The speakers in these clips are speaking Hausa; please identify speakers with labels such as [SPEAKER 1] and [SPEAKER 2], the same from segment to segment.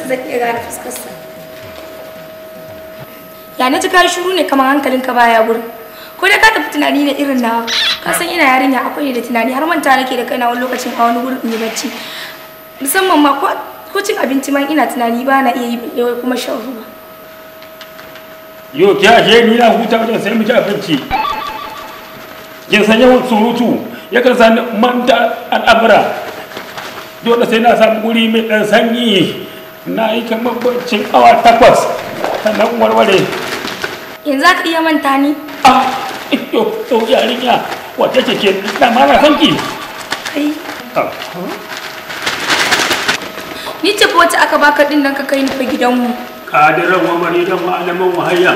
[SPEAKER 1] fuskarsa zan iya gane fuskarsa ya na ji ka shuru ne kamar baya gurin ko da ka tafi tunani na irin nawa ka san ina yarinya akwai da tunani har manta nake da kaina wani lokacin a wani gurin yi bacci musamman ma ko cin abinci man ina tunani ba na iya yi bindewai kuma shan ruwa
[SPEAKER 2] yau ki ni na huta wajen sai mu ci abinci Ke san yau surutu yakan san manta al'amura dole sai na samu guri mai dan sanyi na yi ta mabbacin awa takwas nan warware
[SPEAKER 1] yanzu aka iya manta ni
[SPEAKER 2] ah yo yo yarinya wata ce ke na mara sanki ah.
[SPEAKER 1] ni ce wacce aka baka din nan ka kai ni fa gidanmu
[SPEAKER 2] kadiran wa maridan wa alaman wa hayya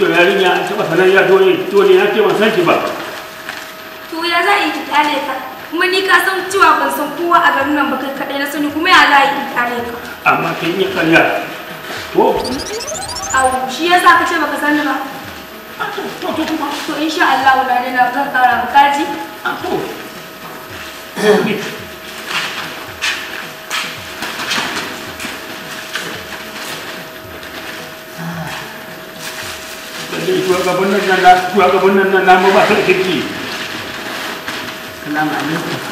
[SPEAKER 2] to yarinya an taba sanar ya dole dole ya ce ban san ba
[SPEAKER 1] to ya za a yi ki kyale ka kuma ni ka san duk cewa ban san kowa a garin nan ba kai kaɗai na sani kuma ya za a yi kare ka.
[SPEAKER 2] Amma kin yi karya. To.
[SPEAKER 1] Au, shi ka ce baka sani ba. Ah, to, to, kuma. To, insha Allah, wula ne na zan kara maka ji. Ah, to.
[SPEAKER 2] Shugaban nan na ba ta da kirki. Salamu alaikum.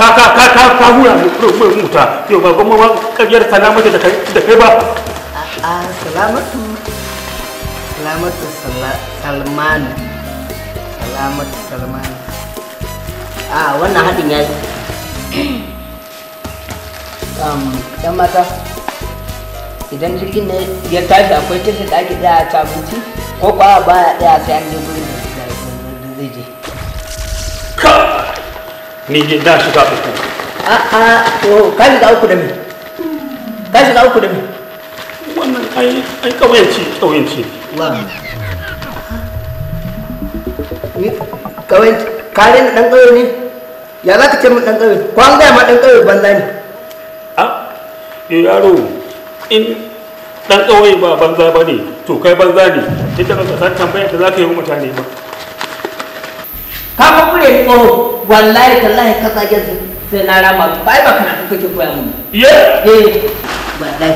[SPEAKER 2] ka ka ka ka ka hura mu ko mu muta yau ba goma kabiyar salamatu da kai da kai ba
[SPEAKER 1] a salamatu
[SPEAKER 2] salamatu salman
[SPEAKER 1] salamatu salman a wannan hadin yayi um dan mata idan jirgin ne ya tashi akwai tashi da ake daya ta abinci ko kwa ba ya daya sai an je gurin da
[SPEAKER 2] zai je ni da su ka uku a a to ka shiga uku da me ka shiga uku da me wannan ai ai kauyanci kauyanci kawai kare na dan kauye ne ya za
[SPEAKER 1] ka ce min dan kauye ko an gaya ma dan kauye banza ne
[SPEAKER 2] a yaro in dan kauye ba banza ba ne to kai banza ne ita ba ka san tambayar da za ka yi wa mutane ba
[SPEAKER 1] ka fa kure tsoro wallahi tallahi ka zage sai na rama
[SPEAKER 2] ba ba kana kake koya mun ye eh wallahi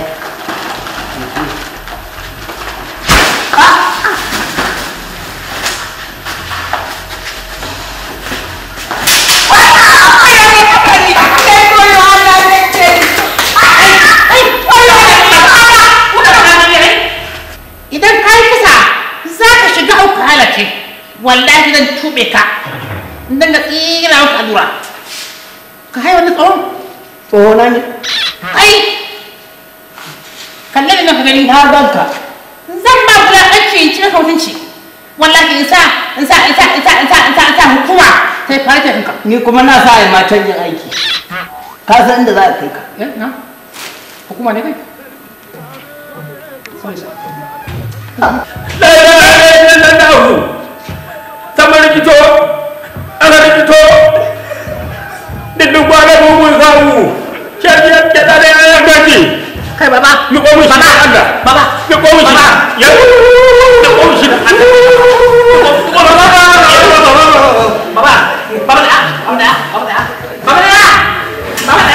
[SPEAKER 1] nan ki tsira maka adura ka hay wani tsohon tsoho na ne ay kan da na gani har banka zan ba ku ya in in sa in sa in sa in sa in sa in sa hukuma ta yi fata ka. ni kuma na sa yi matan yin aiki ka san inda za a kai ka na, hukuma ne kai
[SPEAKER 2] la la la la la la la to diddu bana bo mo zawu chat chat chat ada ada gaji kai baba mi ko mi baba anda baba mi ko mi baba ya mi ko mi anda baba baba baba baba dah baba dah baba
[SPEAKER 1] dah baba dah baba dah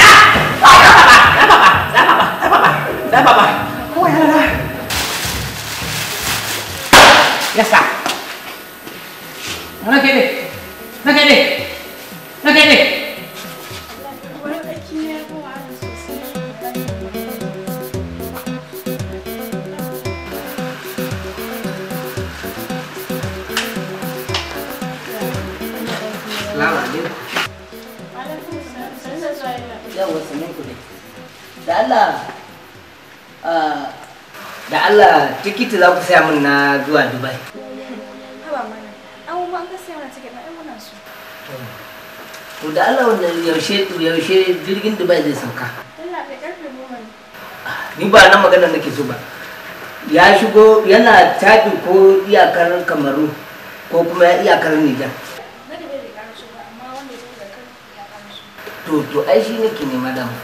[SPEAKER 1] baba dah baba dah baba dah baba dah baba kau ya lah ya sah mana kiri mana kiri Da Allah da Allah tikiti za ku saya min na zuwa Dubai. Haba mana, abubuwan ka saya mana tiket na ɗan To da Allah wannan yaushe yaushe jirgin Dubai zai sauka. Allah bai karfe goma ne. Ni ba nan magana nake so ba. Ya shigo yana tafi ko iyakar Kamaru ko kuma iyakar Nijar. to to ai shi nake ne madam hmm.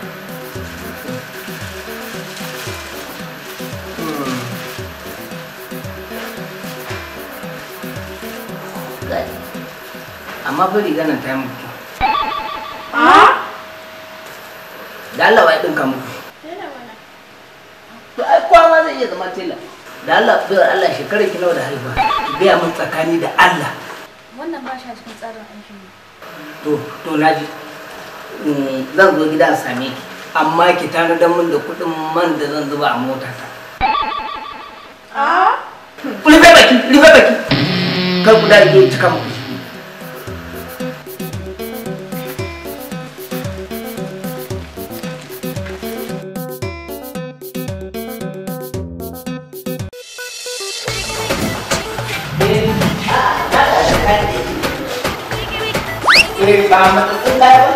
[SPEAKER 1] amma fa riga nan ta yi mutu
[SPEAKER 2] da Allah wai ɗinka muku
[SPEAKER 1] to ai kowa ma zai iya zama tela da Allah bai Allah shekarar ki nawa da haifa. ki gaya min tsakani da Allah wannan ba shi a cikin tsarin aikin to to naji Mm, zan zo gida a same ki amma ki tanadar min da kudin man da zan zuba a mota ta ah. rufe baki rufe baki kar ku da ke cika muku Terima eh, kasih.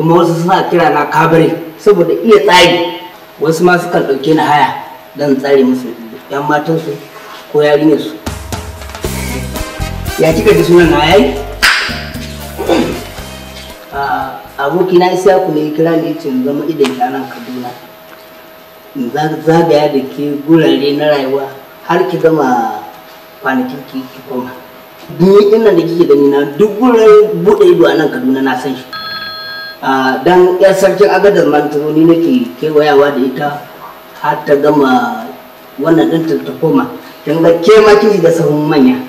[SPEAKER 1] kuma wasu suna kira na kabare saboda iya tsari wasu ma sukan ɗauke ni haya don tsari musu yan matansu ko su. ya kika ji sunan na yayi ah, aboki na isa ku ne kira ne cin zama idan a nan kaduna zagaya da ke gurare na rayuwa har ki gama kwanakin ki koma duk inda da kike gani na duk gurare buɗe ido a nan kaduna na san shi Ah, dan yar sarkin agadar mantaro ni nake kewayawa da ita har ta gama wannan din ta koma kin ga ke ma kiji da sahun manya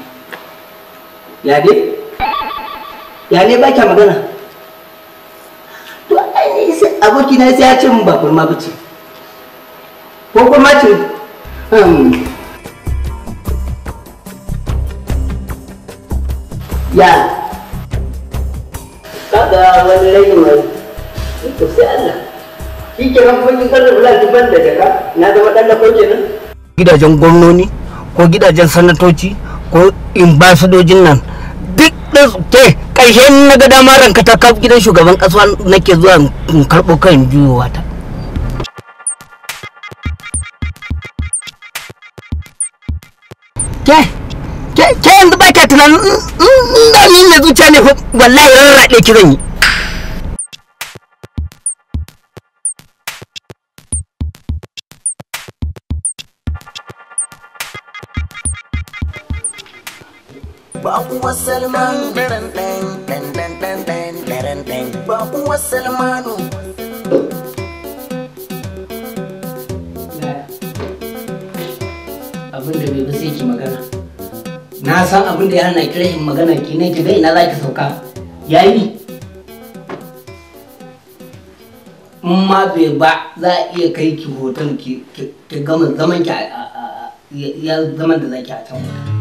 [SPEAKER 1] ya dai ya ne ba kya magana to ai aboki na sai ya ce mun ba kurma bace ko kuma ce hmm. ya kada wani laifin mai to sai Allah shi ke nan kuma kin karɓi bula ban da jaka na da dan da kauke gidajen gwamnoni ko gidajen sanatoci ko imbasadojin nan duk da ke ƙarshe na ga dama ranka ta kaf gidan shugaban kasuwa nake zuwa in karɓo kan juyowa ta ke ke yanzu tunanin in da ni mai zuciya ne wallahi rarraɗe ki zan yi Bakuwa Bakuwa Abin da bai ba sai ki magana na san abin da yana kira in magana ki ne ki zai ina za ki sauka yayi in ma bai ba za a iya kai ki hoton
[SPEAKER 2] ki gama zaman da za ki a can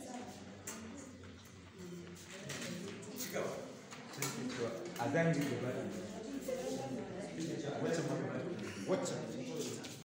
[SPEAKER 2] a zan ji gaba wacce